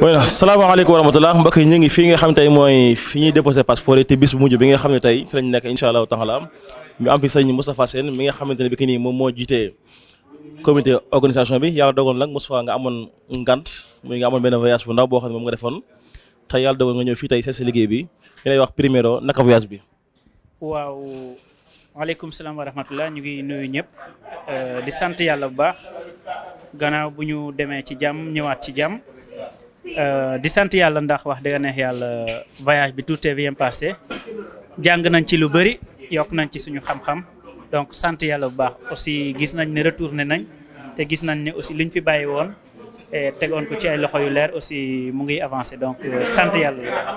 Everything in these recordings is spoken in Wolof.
voilà salaamaaleykum wa rahmatulah mbokk yi ñu ngi fii nga xam tey mooy fi ñuy déposé passeport yi te bis bu mujj bi nga xam ne tey fi lañ nekk incha allahu taala ñu am fi sëñ Moustapha Sène mi nga xamante ne bi ki nii moom moo jiitee comité organisation bi yàlla dogoon nag Moustapha nga amoon ngant muy nga amoon benn voyage bu ndaw boo xam ne moom nga defoon tey yàlla dogoon nga ñëw fi tey seet si liggéey bi ñu lay wax primero naka voyage bi. waaw maaleykum salaam wa rahmatulah ñu ngi nuyu ñëpp euh, di sant yàlla bu baax gannaaw bu ñu demee ci jàmm ñëwaat ci jàmm. Euh, di sant yàlla ndax wax dëgg neex yàlla voyage bi tout est bien passé jàng nañ ci lu bëri yokk nañ ci suñu xam-xam donc sant yàlla bu baax aussi gis nañ ne retourné nañ te gis nañ ne aussi liñ fi bàyyi woon eh, tegoon ko ci ay loxo yu leer aussi mu ngi avancé donc euh, sant yàlla bu baax.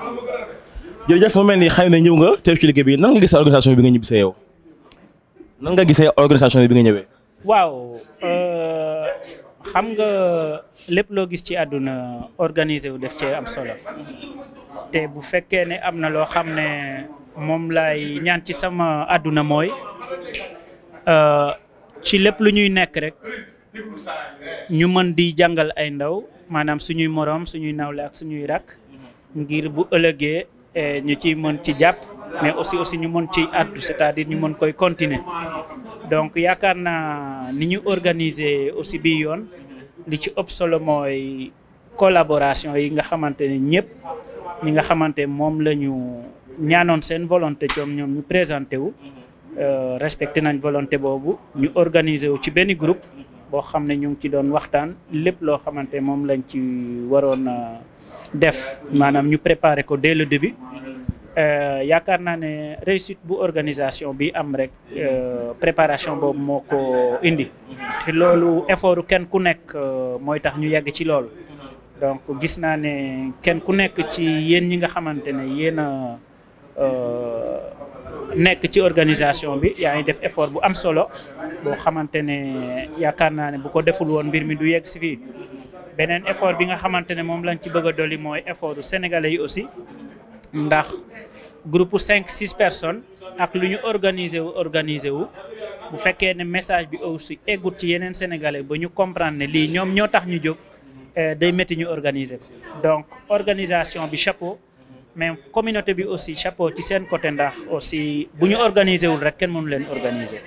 jërëjëf mu mel ni xëy na ñëw nga teew ci liggéey bi nan nga gisee organisation bi nga ñibbisee yow nan nga gisee organisation bi nga ñëwee. waaw. Euh, xam nga lépp loo gis ci àdduna organisé wu def cee am solo te bu fekkee ne am na loo xam ne moom lay ñaan ci sama àdduna mooy euh, ci lépp lu ñuy nekk rek ñu mën di jàngal ay ndaw maanaam suñuy moroom suñuy nawle ak suñuy rakk ngir bu ëllëgee eh, ñu ciy mën ci jàpp mais aussi aussi ñu mën ciy àddu c'est-à-dire ñu mën koy continuer donc yaakaar naa ni ñu organise aussi bi yoon li ci ëpp solo mooy collaboration yi nga xamante ne ñëpp ñi nga xamante moom la ñu ñaanoon seen volonté coom ñoom ñu présenté wu euh, respecté nañ volonté boobu ñu organiser wu ci benn groupe boo xam ne ñu ngi ci doon waxtaan lépp loo xamante moom lañ ci waroon def maanaam ñu préparer ko dès le début Euh, yaakaar naa ne réussite bu organisation bi am rek euh, préparation boobu moo ko indi te loolu effort kenn ku nekk euh, mooy tax ñu yegg ci lool donc gis naa ne kenn ku nekk ci yéen ñi nga xamante ne yéen a nekk ci organisation bi yaa ngi def effort bu am solo boo xamante ne yaakaar naa ne bu ko deful woon mbir mi du yegg si fii beneen effort bi nga xamante ne moom lañ ci bëgg a dolli mooy effortu sénégalais yi aussi ndax groupe cinq six personnes ak lu ñu organisé wu organisé wu bu fekkee ne message bi aussi eggut ci yeneen sénégalais ba ñu comprendre ne lii ñoom ñoo tax ñu jóg eh, day métti ñu organiser donc organisation bi chapeau mais communauté bi aussi chapeau ci seen côté ndax aussi bu ñu organiser wul rek kenn mënu leen organiser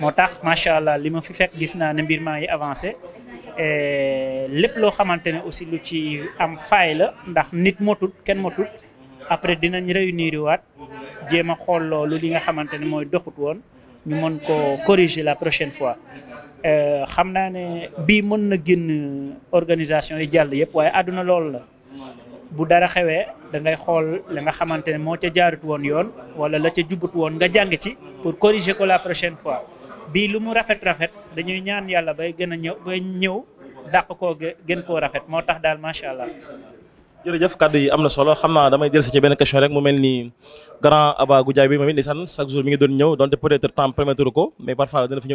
moo tax macha allah li ma fi fekk gis naa ne mbir maa ngi avancé eh, lépp loo xamante ne aussi lu ci am faay la ndax nit motut kenn motut après dinañ réunir waat jéem a xool loolu li nga xamante ne mooy doxut woon ñu mën ko corriger la prochaine fois euh, xam naa ne bii mën na génn organisation yi jàll yëpp waaye àdduna loolu la bu dara xewee dangay xool la nga xamante ne moo ca jaarut woon yoon wala la ca jubut woon nga jàng ci pour corriger ko la prochaine fois bii lu mu rafet rafet dañuy ñaan yàlla bay gën a ñëw bay ñëw dàq ko gën koo rafet moo tax daal macha allah. jërëjëf kàddu yi am na solo xam naa damay jël si ci benn question rek mu mel ni grand Aba Goudiaye ngi doon ñëw donte peut être temps permettre ko mais parfois dina fi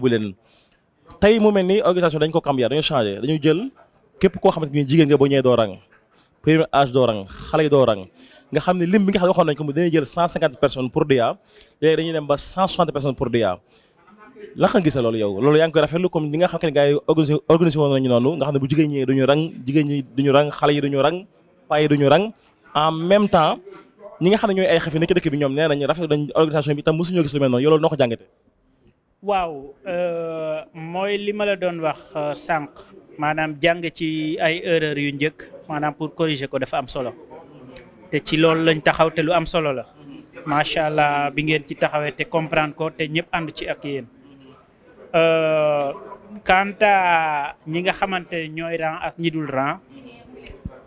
bu leen tey mu mel ni organisation dañ ko cambier dañu changé dañu jël képp koo xamante ni jigéen nga ñëwee doo rang premier âge doo rang xale yi doo rang nga xam ne personnes pour DIA léegi dañuy dem ba personnes pour DIA la nga gisee loolu yow loolu yaa ngi koy rafetlu comme li nga xam ne gars yi organisé organisé woon nañu noonu bu jigéen ñi xale yi duñu rang paa en même temps ñi nga xam ne ñooy ay xef yi nekk dëkk bi ñoom nee nañu rafetlu dañ organisation bi tam mosuñoo gis lu mel noonu yow loolu noo waaw euh, mooy li ma la doon wax euh, sànq maanaam jàng ci ay erreur yu njëkk maanaam pour corriger ko dafa am solo te ci loolu lañ taxaw te lu am solo la macha allah bi ngeen ci taxawee te comprendre ko te ñëpp ànd ci ak Euh, quant à ñi nga xamante ñooy rang ak ñi dul ran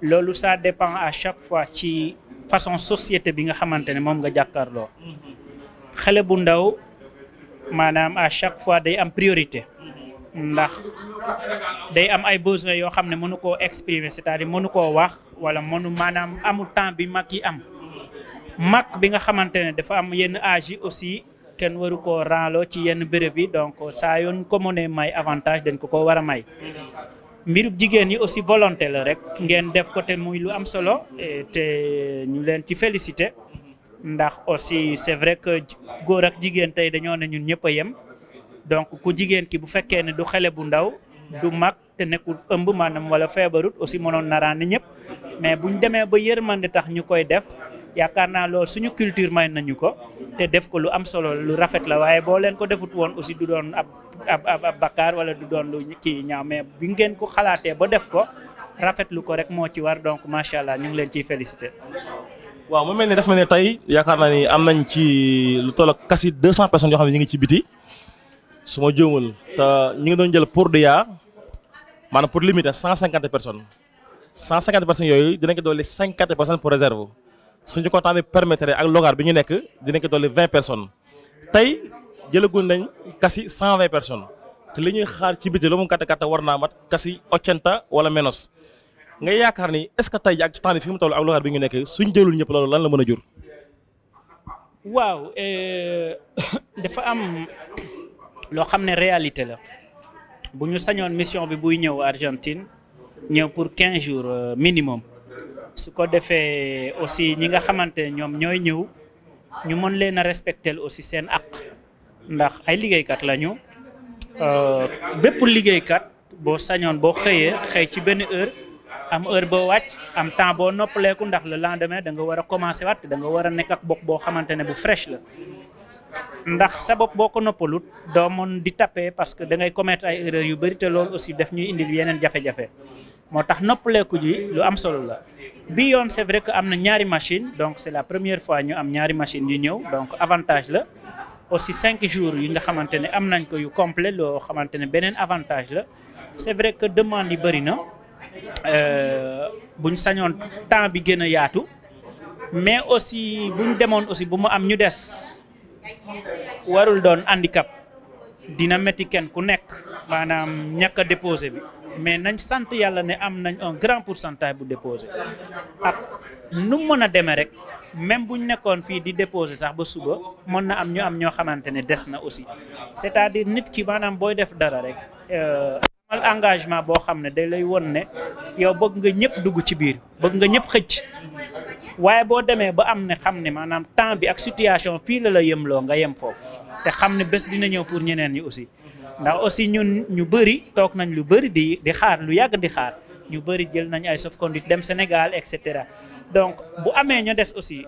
loolu ça dépend à chaque fois ci façon société bi nga xamante ne moom nga jàkkaarloo xale bu ndaw maanaam à chaque fois day am priorité ndax day am ay besoins yoo xam ne mënu koo exprimer c'est-à-dire mënu koo wax wala mënu maanaam amul temps bi mag yi am mag bi nga xamante ne dafa am yenn âge aussi kenn waru koo ranloo ci yenn béréb yi donc saa yoon ko mënee may avantage dañ ko ko war a may mbirub jigéen yi aussi volonté la rek ngeen def ko te muy lu am solo eh, te ñu leen ci félicité ndax aussi c'est vrai que góor ak jigéen tey dañoo ne ñun ñëpp a yem donc ku jigéen ki bu fekkee ne du xale bu ndaw du mag te nekkul ëmb maanaam wala feebarut aussi mënoon naraan ni ñëpp mais buñ demee ba yërmande tax ñu koy def yaakaar naa lool suñu culture may nañu ko te def ko lu am solo lu rafet la waaye boo leen ko defut woon aussi du doon ab ab wala du doon lu kii ñaaw mais bi ngeen ko xalaatee ba def ko rafetlu ko rek moo ci war donc macha allah ñu ngi leen ciy félicité. waaw mu mel ni daf mel ne tey yaakaar naa ni am nañ ci lu toll ak kasi 200 personnes yoo xam ne ñu ngi ci biti suma ma jóomul te ñu ngi doon jël pour de yaa maanaam pour limiter 150 personnes 150 personnes yooyu dinañ ko dolli 50 personnes pour réserve. suñu quota bi permettre ak logar bi ñu nekk dinañ ko dolli vingt personnes tey jëlagul nañ kasi cent vingt personnes te li ñuy xaar ci biti lu mu katta katta war naa mat kasi ochenta wala menos nga yaakaar ni est-ce que tey ak temps fi mu toll ak logar bi ñu nekk suñ jëlul ñëpp loolu lan la mën a jur. waaw euh, dafa am loo xam ne réalité la bu ñu sañoon mission bi buy ñëw Argentine ñëw pour quinze jours euh, minimum. su ko defee aussi ñi nga xamante ne ñoom ñooy ñëw ñu mën leen a respecter aussi seen àq ndax ay liggéeykat lañu euh, bépp liggéeykat boo sañoon boo xëyee xëy ci benn heure am heure boo wàcc am temps boo noppaleeku ndax le lendemain da nga war a commencer waat da nga war a nekk bokk boo xamante ne bu fresh la. ndax sa bopp boo ko noppalut doo mën di taper parce que da ngay commettre ay erreurs yu bari lool aussi def ñuy indil yeneen jafe-jafe. moo tax noppaleeku ji lu am solo la bi yoon c'est vrai que am na ñaari machine donc c'est la première fois ñu am ñaari machine yu ñëw donc avantage la aussi cinq jours yi nga xamante ne am nañ ko yu complet loo xamante ne beneen avantage la c'est vrai que demande yi bëri na euh, buñ sañoon temps bi gën a yaatu mais aussi buñ demoon aussi bu mu am ñu des warul doon handicap dina métti kenn ku nekk maanaam ñàkk déposé bi mais nañ sant yàlla ne am nañ un grand pour pourcentage bu déposé ak nu mën a demee rek même buñ nekkoon fii di déposé sax ba suba mën na am ñu am ñoo xamante ne des na aussi c'est-à-dire nit ki maanaam booy def dara rek euh, amal engagement boo xam ne day lay won ne yow bëgg nga ñëpp dugg ci biir bëgg nga ñëpp xëcc waaye boo demee ba am ne xam ne maanaam temps bi ak situation fii la la yemloo nga yem foofu te xam ne bés dina ñëw pour ñeneen ñi aussi ndax aussi ñun ñu bëri toog nañ lu bëri di di xaar lu yàgg di xaar ñu bëri jël nañ ay sauf-conduit dem Sénégal et cetera donc bu amee ñu des aussi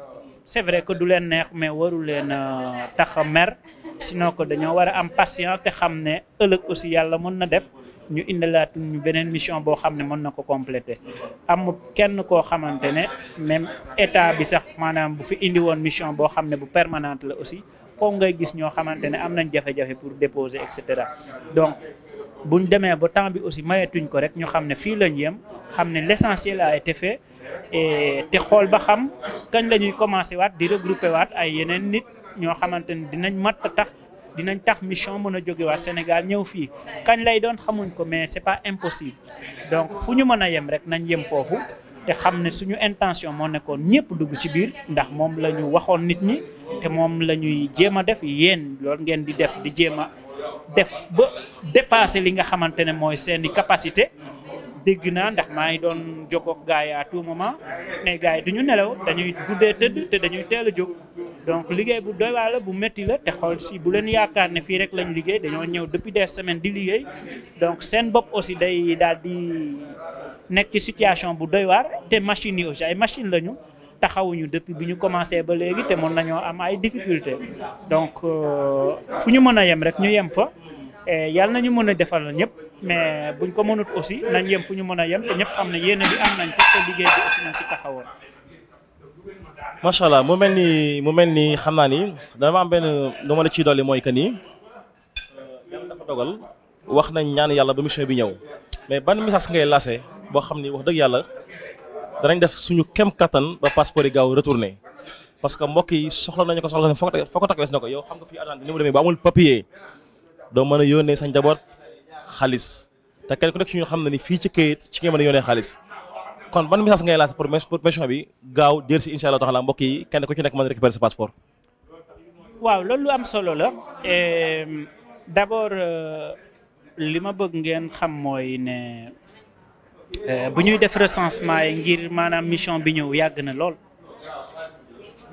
c'est vrai que du leen neex mais waru leen euh, tax a mer sinon que dañoo war a am patience te xam ne ëllëg aussi yàlla mën na def ñu indilaatul ñu beneen mission boo xam ne mën na ko compléter am kenn koo xamante ne même état bi sax maanaam bu fi indi woon mission boo xam ne bu permanente la aussi foog ngay gis ñoo xamante ne am nañ jafe-jafe pour déposer et cetera donc buñ demee ba temps bi aussi mayetuñ ko rek ñu xam ne fii lañ yem xam ne l'essentiel a été fait et te xool ba xam kañ la ñuy commencé waat di regrouper waat ay yeneen nit ñoo xamante ne dinañ mat tax dinañ tax mission mën a jóge Sénégal ñëw fii kañ lay doon xamuñ ko mais c'est pas impossible donc fu ñu mën a yem rek nañ yem foofu te xam ne suñu intention moo nekkoon ñëpp dugg ci biir ndax moom la ñu waxoon nit ñi te moom la ñuy jéem a def yéen loolu ngeen di def di jéem a def ba dépasé li nga xamante ne mooy seeni capacité dégg naa ndax maa ngi doon jokkoog gars yi à tout moment mais gars yi du ñu nelaw dañuy guddee tëdd te dañuy teel a jóg donc liggéey bu doy bu métti la te xool si bu leen yaakaar ne fii rek lañ liggéey dañoo ñëw depuis des semaines di liggéey donc seen bopp aussi day daal di nekk ci situation bu doy waar te machines yi aussi ay machines lañu taxawuñu depuis bi ñu commencé ba léegi te mën nañoo am ay difficulté donc euh, fu ñu mën a yem rek ñu yem fa yàlla nañu mën a defal ñëpp mais buñ ko mënut aussi fu ñu mën a yem ñëpp xam ne yéen bi am nañ fa te liggéey mel ni mu mel ni xam ni dama am benn lu la ciy dolli mooy que ni euh, dogal wax nañ ñaan yàlla ba mission bi ñëw mais ban message ngay lancé. boo xam ni wax dëgg yàlla danañ def suñu kem kattan ba passeport yi gaaw retourné parce que mbokk yi soxla nañu ko soxla foo ko foo ko takk wees na ko yow xam nga fii attente ni mu demee ba amul papier doo mën a yónnee sa njaboot xaalis te kenn ku nekk ci xam na ni fii ci këyit ci nga mën a yónnee xaalis kon ban message ngay laaj pour mission bi gaaw dellu si incha allah taala mbokk yi kenn ku ci nekk mën a sa passeport. waaw loolu am solo la d' abord euh, li ma bëgg ngeen xam mooy ne Euh, bu ñuy def recensement yi ngir maanaam mission bi ñëw yàgg na lool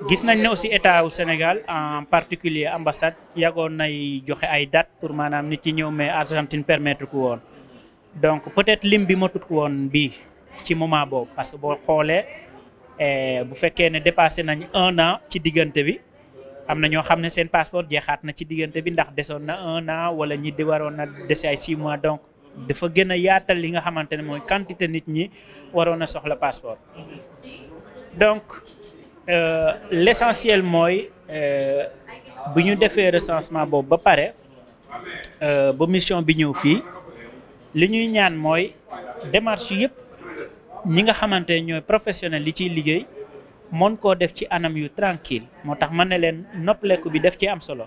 gis nañ ne aussi état wu Sénégal en particulier ambassade yàggoon nay joxe ay date pour maanaam nit ci ñëw mais Argentine permettre ku woon donc peut-être lim bi matut ko woon bii ci moment boobu parce que boo xoolee eh, bu fekkee ne dépassé nañ un an ci diggante bi am na ñoo xam ne seen passeport jeexaat na ci diggante bi ndax desoon na un an wala ñi di waroon na dese ay six mois donc dafa gën a yaatal li nga xamante ne mooy quantité nit ñi waroon a soxla passeport donc euh, l'essentiel mooy euh, bu ñu defee recensement boobu ba pare euh, ba mission bi ñëw fii li ñuy ñaan mooy démarche yëpp ñi nga xamante ne ñooy professionnel li ciy liggéey mën koo def ci anam yu tranquille moo tax mën ne leen noppaleku bi def ci am solo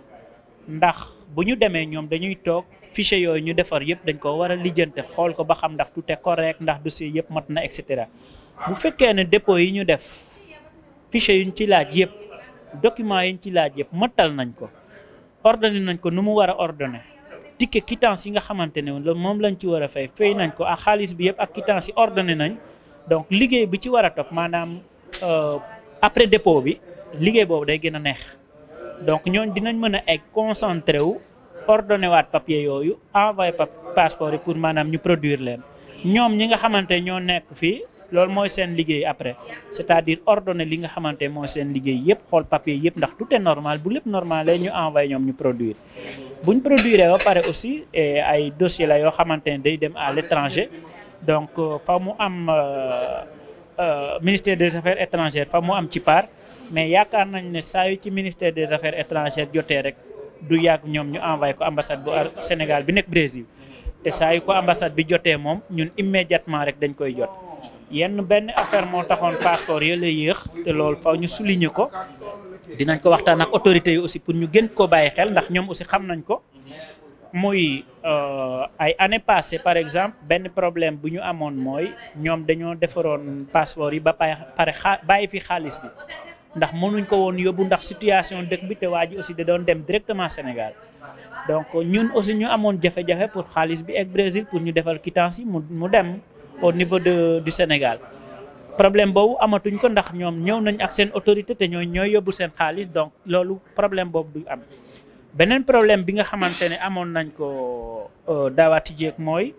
ndax bu ñu demee ñoom dañuy toog fichier yooyu ñu defar yëpp dañ ko war a lijjante xool ko ba xam ndax tout te correct ndax dossier yëpp mat na et cetera bu fekkee ne dépôt yi ñu def fichier ñu ci laaj yëpp document yiñ ci laaj yëpp mattal nañ ko ordonné nañ ko nu mu war a ordonné ticket quittance yi nga xamante ne moom lañ ci war a fay fay nañ ko ak xaalis bi yëpp ak quittance yi ordonné nañ donc liggéey bi ci war a topp maanaam euh, après dépôt bi liggéey boobu neex donc ñooñ dinañ mën a egg concentré wu ordonné waat papier yooyu envoyé passeport yi pour maanaam ñu produire leen ñoom ñi nga xamante ñoo nekk fii loolu mooy seen liggéey après c'est-à-dire ordonné li nga xamante mooy seen liggéey yëpp xool papier yëpp ndax tout est normal bu lépp normal la ñu envoyé ñoom ñu produir buñ produire ba pare aussi eh, ay dossier la yoo xamante ne day dem à l'étranger donc euh, fa mu am euh, euh, ministère des affaires étrangères fa mu am ci part mais yaakaar nañ ne saa yu ci ministère des affaires étrangères jotee rek du yàgg ñoom ñu envoyé ko ambassade bu Sénégal bi nekk Brésil te saa ko ambassade bi jotee moom ñun immédiatement rek dañ koy jot yenn benn affaire moo taxoon passeport yooyu la yéex te loolu faw ñu souligner ko dinañ ko waxtaan ak autorités yi aussi pour ñu gën koo bàyyi xel ndax ñoom aussi xam nañ ko muy euh, ay année passée par exemple benn problème bu ñu amoon mooy ñoom dañoo defaroon passeport yi ba pare bàyyi fi xaalis ndax mënuñ ko woon yóbbu ndax situation dëkk bi te waa ji aussi da doon dem directement Sénégal donc ñun aussi ñu amoon jafe-jafe pour xaalis bi ak Brésil pour ñu defal quittance yi mu mu dem au niveau de du Sénégal problème boobu amatuñ ko ndax ñoom ñëw nañ ak seen autorité te ñooy ñooy yóbbu seen xaalis donc loolu problème boobu du am beneen problème bi nga xamante ne amoon nañ ko euh, daawaati jéeg mooy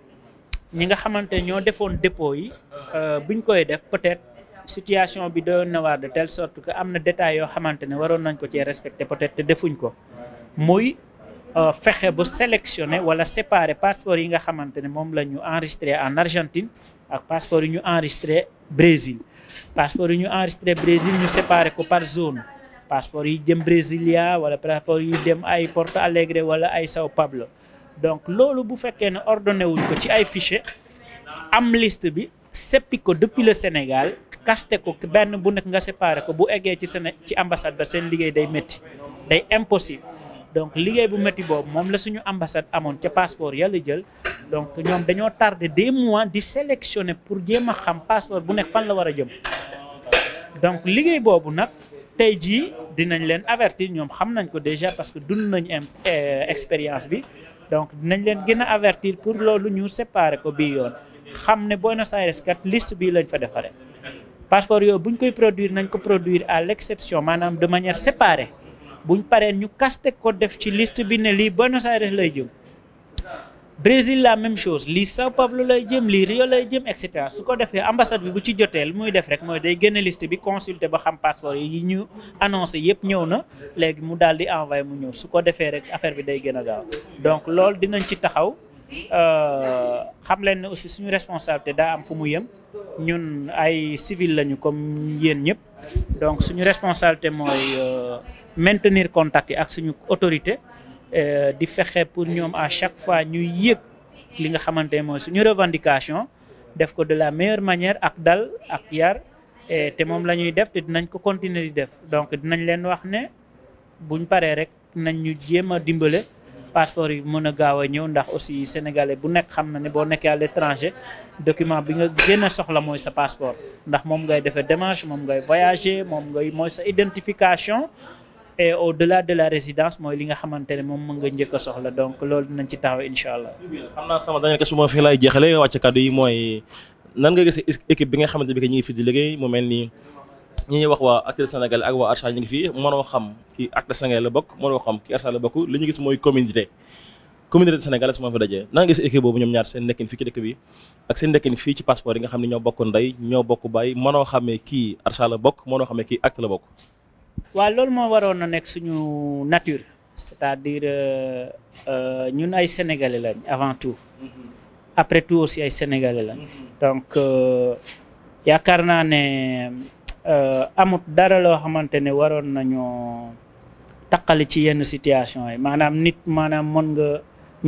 ñi nga xamante ñoo defoon dépôt yi euh, buñ koy def peut-être situation bi doyoon na waar de telle sorte que am na détails yoo xamante waroon nañ ko cee respecter peut te defuñ ko muy euh, fexe ba sélectionner wala séparer passeport yi nga xamante ne moom la ñu enregistré en Argentine ak passeport yi ñu enregistré Brésil passeport yi ñu enregistré Brésil ñu séparer ko par zone passeport yi dem Brasilia wala passeport yi dem ay Porto Alegre wala ay São Paulo donc loolu bu fekkee ne ordonné ko ci ay fichier am liste bi seppi ko depuis le Sénégal kaste ko benn bu nekk nga séparé ko bu eggee ci Séné ci ambassade ba seen liggéey day métti day impossible donc liggéey bu métti boobu moom la suñu ambassade amoon ca passeport yàlla jël donc ñoom dañoo tardé des mois di sélectionner pour jéem a xam passeport bu nekk fan la war a jëm donc liggéey boobu nag tey jii dinañ leen avertir ñoom xam nañ ko déjà parce que dund nañ eh, expérience bi donc dinañ leen gën a avertir pour loolu ñu séparer ko bii yoon xam ne Buenos Aires kat liste bii lañ fa defaree passeport yooyu buñ koy produire nañ ko produire à l'exception maanaam de manière séparée buñ paree ñu kaste ko def ci liste bi ne lii Buenos Aires lay jëm Brésil la même chose lii Sao Paulo lay jëm lii Rio lay jëm et cetera su ko defee ambassade bi bu ci jotee lu muy def rek mooy day génne list bi consulter ba xam passeport yi ñu annoncé yëpp ñëw na léegi mu daal di envoyé mu ñëw su ko defee rek affaire bi day gën a gaaw Euh, xam leen ne aussi suñu responsabilité daa am fu mu yem ñun ay civil lañu comme yéen ñëpp donc suñu responsabilité mooy euh, maintenir contact yi ak suñu autorité euh, di fexe pour ñoom à chaque fois ñuy yëg li nga xamante mooy suñu revendication def ko de la meilleure manière ak dal ak yar e te moom la ñuy def te dinañ ko continuer di def donc dinañ leen wax ne buñ paree rek nañ ñu jéem a dimbale passeport yi mën a gaaw a ñëw ndax aussi sénégalais bu nekk xam na ne boo nekkee à l'étranger document bi nga gën a soxla mooy sa passeport ndax moom ngay defee démarche moom ngay voyager moom ngay mooy sa identification et au delà de la résidence mooy li nga xamante ne moom mën nga njëkk soxla donc loolu nañ ci taxaw incha allah. xam naa sama dernière question ma fi laay jeexalee wàcc kàddu yi mooy nan nga gis équipe bi nga xamante ne bii ñu fi di liggéey mu nii ñi ñuy wax waa Actu Sénégal ak waa Archa ñu ngi fii mënoo xam ki Actu Sénégal la bokk mënoo xam ki Archa a bokk li ñu gis mooy communauté communauté sénégalaise moo fa dajee na gis équipe boobu ñoom ñaar seen nekkin fii ci passeport yi nga xam ne ñoo bokk ndey ñoo bokk bàyyi mënoo xamee kii Archa la bokk mënoo xamee kii Actu la bokk waaw loolu moo waroon nekk suñu nature c'est-à-dire euh, euh, ñun ay sénégalais lañ avant tout mm-hmm. après tout aussi ay sénégalais lañ mm-hmm. donc euh, yaakaar naa ne Euh, amut dara loo xamante ne waroon nañoo taqali ci yenn situation yi maanaam nit maanaam mën nga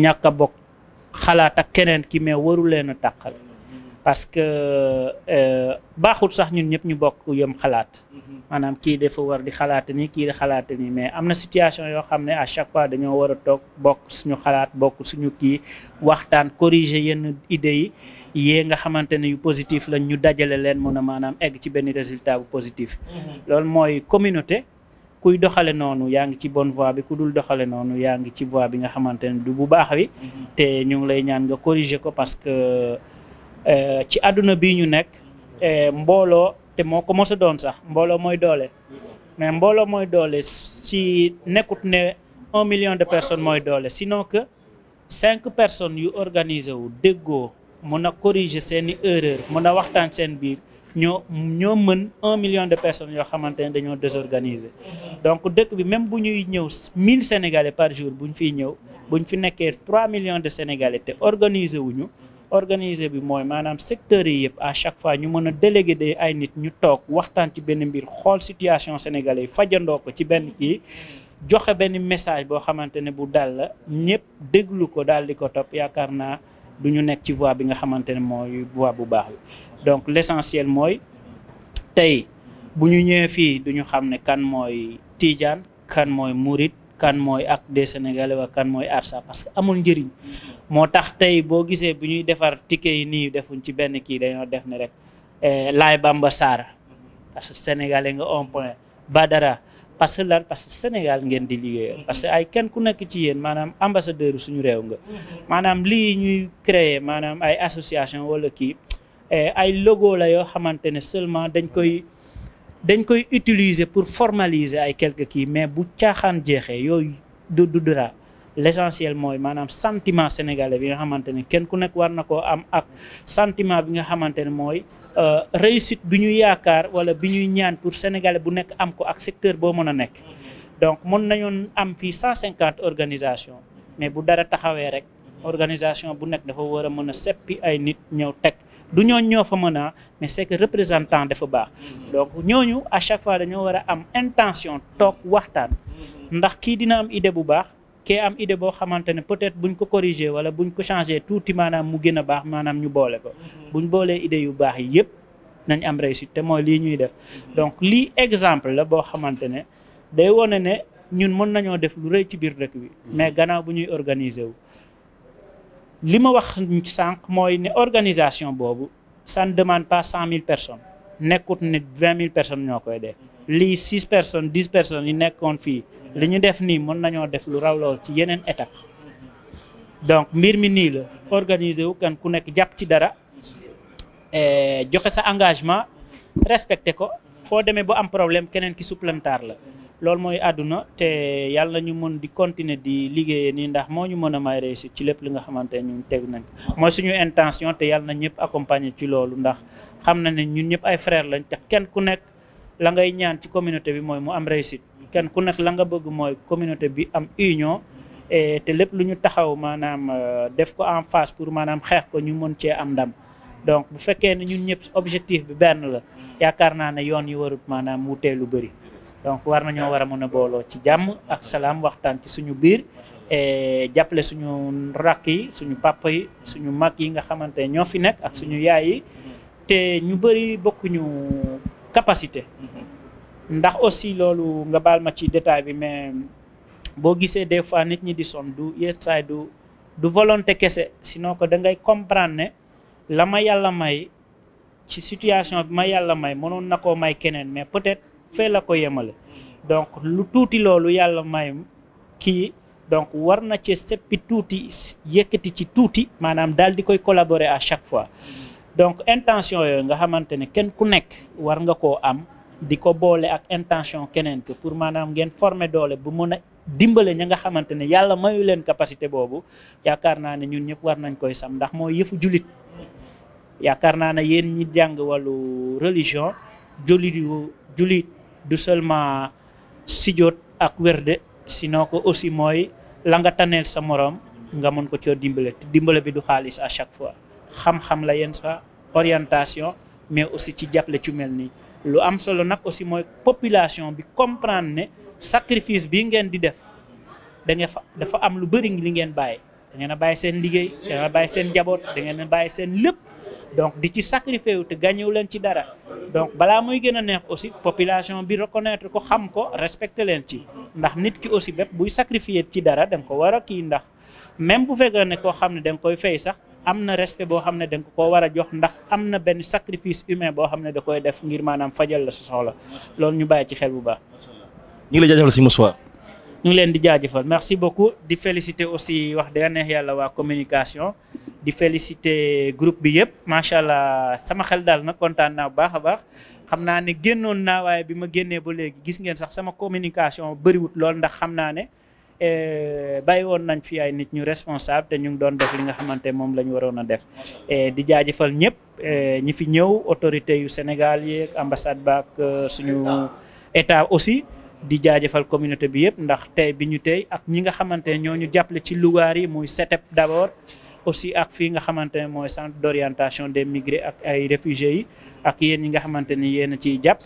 ñàkk a bokk xalaat ak keneen ki mais waru leen a taqal parce que euh, baaxul sax ñun ñëpp ñu bokk yëm xalaat mm-hmm. maanaam kii dafa war di xalaat ni kii di xalaat ni mais am na situation yoo xam ne à chaque fois dañoo war a toog bokk suñu xalaat bokk suñu kii waxtaan corriger yenn idées yi yée nga xamante ne yu positif la ñu dajale leen mun a maanaam egg ci benn résultat bu positif mm-hmm. loolu mooy communauté kuy doxale noonu yaa ngi ci bonne voie bi ku dul doxale noonu yaa ngi ci voie bi nga xamante du bu baax bi mm-hmm. te ñu lay ñaan nga corriger ko parce que Eh, ci adduna bii ñu nekk eh, mbooloo te moo ko mos doon sax mbooloo mooy doole mais mbooloo mooy doole si nekkut ne un million de personnes mooy doole sinon que cinq personnes yu organiser wu déggoo mun a corriger seeni heureur mun a waxtaan seen biir ñoo ñoo mën un million de personnes yoo xamante ne dañoo désorganiser donc dëkk bi même bu ñuy ñëw mille sénégalais par jour buñ fiy ñëw buñ fi nekkee trois millions de sénégalais te organiser wuñu organiser bi mooy maanaam secteur yi yëpp à chaque fois ñu mën a délégué de ay nit ñu toog waxtaan ci benn mbir xool situation sénégalais yi fajandoo ko ci benn kii joxe benn message boo xamante ne bu dal la ñëpp déglu ko daal di ko topp yaakaar naa du ñu nekk ci voie bi nga xamante ne mooy voie bu baax bi donc l'essentiel mooy tey bu ñu ñëwee fii du ñu xam ne kan mooy Tidiane kan mooy Mouride. kan mooy ak des sénégalais kan mooy arsa parce que amul njëriñ moo tax tey boo gisee bu ñuy defar ticket yi nii defuñ ci benn kii dañoo def ne rek eh, Laye Bamba Sarr parce que sénégalais nga un point Badara parce que lan parce que Sénégal ngeen di liggéeyal parce que ay kenn ku nekk ci yéen maanaam ambassadeur suñu réew nga maanaam lii ñuy créer maanaam ay association wala kii eh, ay logo la yoo xamante seulement dañ koy dañ koy utiliser pour formaliser ay quelque kii mais bu caaxaan jeexee yooyu du du dara l' mooy maanaam sentiment sénégalais bi nga xamante ne kenn ku nekk war na koo am ak sentiment bi nga xamante ne mooy euh, réussite bi ñuy yaakaar wala bi ñuy ñaan pour sénégalais bu nekk am ko ak secteur boo mën a nekk. donc mën nañoon am fii cent cinquante organisation mais bu dara taxawee rek organisation bu nekk dafa war a mën a seppi ay nit ñëw teg. du ñooñu ñoo fa mën a mais c'est que représentant dafa baax donc ñooñu à chaque fois dañoo war a am intention toog waxtaan ndax kii dina am idée bu baax kee am idée boo xamante ne peut-être buñ ko corriger wala buñ ko changer tuuti maanaam mu gën a baax maanaam ñu boole ko buñ boolee idée yu baax yi yëpp nañ am réussite te mooy lii ñuy def donc lii exemple la boo xamante ne day wone ne ñun mën nañoo def lu rëy ci biir dëkk bi mais gannaaw bu ñuy organiser wu li ma wax sànq mooy ne organisation boobu ça ne demande pas cent mille personnes nekkut ne vingt mille personnes ñoo koy de lii six personnes dix personnes yi nekkoon fii li ñu def nii mën nañoo def lu raw ci yeneen étape donc mbir mi nii la organiser wu kan ku nekk jàpp ci dara eh, joxe sa engagement respecté ko foo demee bu am problème keneen ki supplémentaire la loolu mooy àdduna te yàlla ñu mën di continuer di liggéeyee nii ndax moo ñu mën a may réussir ci lépp li nga xamante ne ñun teg nañ mooy suñu intention te na ñëpp accompagner ci loolu ndax xam na ne ñun ñëpp ay frère lañ te kenn ku nekk la ngay ñaan ci communauté bi mooy mu am réussite kenn ku nekk la nga bëgg mooy communauté bi am union e te lépp lu ñu taxaw maanaam euh, def ko en face pour maanaam xeex ko ñu mën cee am ndam donc bu fekkee ne ñun ñëpp objectif bi benn la yaakaar naa ne yoon yi warut maanaam wutee lu bëri donc war nañoo war a mën a booloo ci jàmm ak salaam waxtaan ci suñu biir eh, jàppale suñu rakk yi suñu papa yi suñu mag yi nga xamante ne ñoo fi nekk ak suñu yaay yi te ñu bëri bokkuñu capacité ndax aussi loolu nga baal ma ci détail bi mais boo gisee des fois nit ñi di son du yettaay du du volonté kese sinon ko da ngay comprendre ne la ma yàlla may ci situation bi ma yàlla may mënoon na koo may keneen mais peut-être fee la ko yemale donc lu tuuti loolu yàlla may kii donc war na ci seppi tuuti yëkkati ci tuuti maanaam daal di koy collaborer à chaque fois donc intention yooyu nga xamante ne kenn ku nekk war nga koo am di ko boole ak intention keneen que pour maanaam ngeen former doole bu mën a dimbale ña nga xamante ne yàlla mayu leen capacité boobu yaakaar naa ne ñun ñëpp war nañ koy sam ndax mooy yëfu julit yaakaar naa ne yéen ñi jàng wàllu religion jullit du seulement sijoot ak werde sinon ko aussi mooy la nga taneel sa morom nga mën ko coo dimbale dimbale bi du xaalis à chaque fois xam-xam la yenn sa orientation mais aussi ci jàppale ci mel nii lu am solo nag aussi mooy population bi comprendre ne sacrifice bi ngeen di def da fa dafa am lu bëri li ngeen bàyyi da ngeen a bàyyi seen liggéey da ngeen a bàyyi seen njaboot da ngeen a bàyyi seen lépp donc di ci sacrifié wu te gagné wu leen ci dara donc bala muy gën a neex aussi population bi reconnaître ko xam ko respecté leen ci ndax nit ki aussi bépp buy sacrifié ci dara da ko war a kii ndax même bu fekkee ne koo xam ne da koy fay sax am na respect boo xam ne da ko koo war a jox ndax am na benn sacrifice humain boo xam ne da koy def ngir maanaam fajal la sa soxla loolu ñu bàyyi ci xel bu baax. ñu ngi lay jaajëfal si Moussa. ñu ngi leen di jaajëfal merci beaucoup di féliciter aussi wax dëgg neex yàlla waa communication. di féliciter groupe bi yëpp macha allah sama xel daal nag kontaan naa bu baax a baax xam naa ne génnoon naa waaye bi ma génnee ba léegi gis ngeen sax sama communication bëriwut lool ndax xam naa ne eh, bàyyi woon nañ fi ay nit ñu responsable te ñu ngi doon def li nga xamante moom la ñu waroon a def eh, di jaajëfal ñëpp eh, ñi fi ñëw autorité yu Sénégal yeeg ambassade baak suñu état aussi di jaajëfal communauté bi yëpp ndax tey bi ñu tey ak ñi nga xamante ñoo ñu jàppale ci lugaar yi muy setep d'abord aussi ak fii nga xamante ne mooy centre d'orientation des migrés ak ay réfugiés yi ak yéen ñi nga xamante ni yéen a ciy jàpp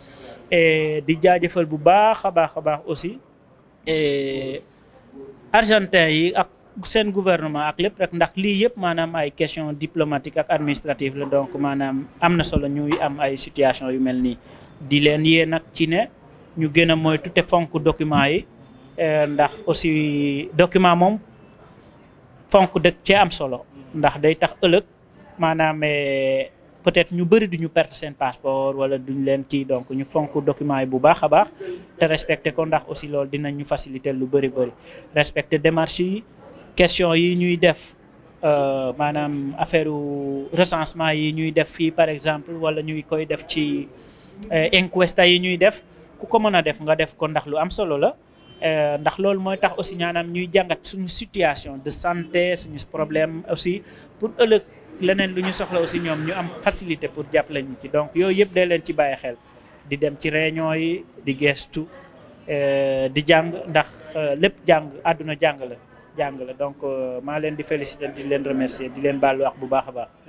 et di jaajëfal bu baax a baax a baax aussi e argentin yi ak seen gouvernement ak lépp rek ndax lii yëpp maanaam ay question diplomatique ak administrative la donc maanaam am na solo ñuy am ay situation yu mel nii di leen yee nag ci ne ñu gën a moytu te fonk document yi e ndax aussi document moom fonk dëkk ce am solo ndax day tax ëlëg maanaam eh, peut-être ñu bëri ñu perte seen passeport wala duñ leen kii donc ñu fonk document yi bu baax a baax te respecté ko ndax aussi loolu dinañ ñu faciliter lu bëri bëri respecté démarche yi question yi ñuy def euh, maanaam affaire recensement yi ñuy def fii par exemple wala ñuy koy def ci encuesta eh, yi ñuy def ku ko mën a def nga def ko ndax lu am solo la Euh, ndax loolu mooy tax aussi ñaanaam ñuy jàngat suñu situation de santé suñu problème aussi pour ëllëg leneen lu ñu soxla aussi ñoom ñu am facilité pour jàppale ñu ci donc yooyu yëpp de leen ci bàyyi xel di dem ci réunion yi di gestu euh, di jàng ndax euh, lépp jàng àdduna jàng la jàng la donc maa leen di féliciter di leen remercier di leen baalu wax bu baax a baax